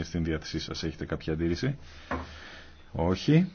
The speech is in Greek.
είναι στην διάθεσή σας. Έχετε κάποια αντίρρηση. Όχι.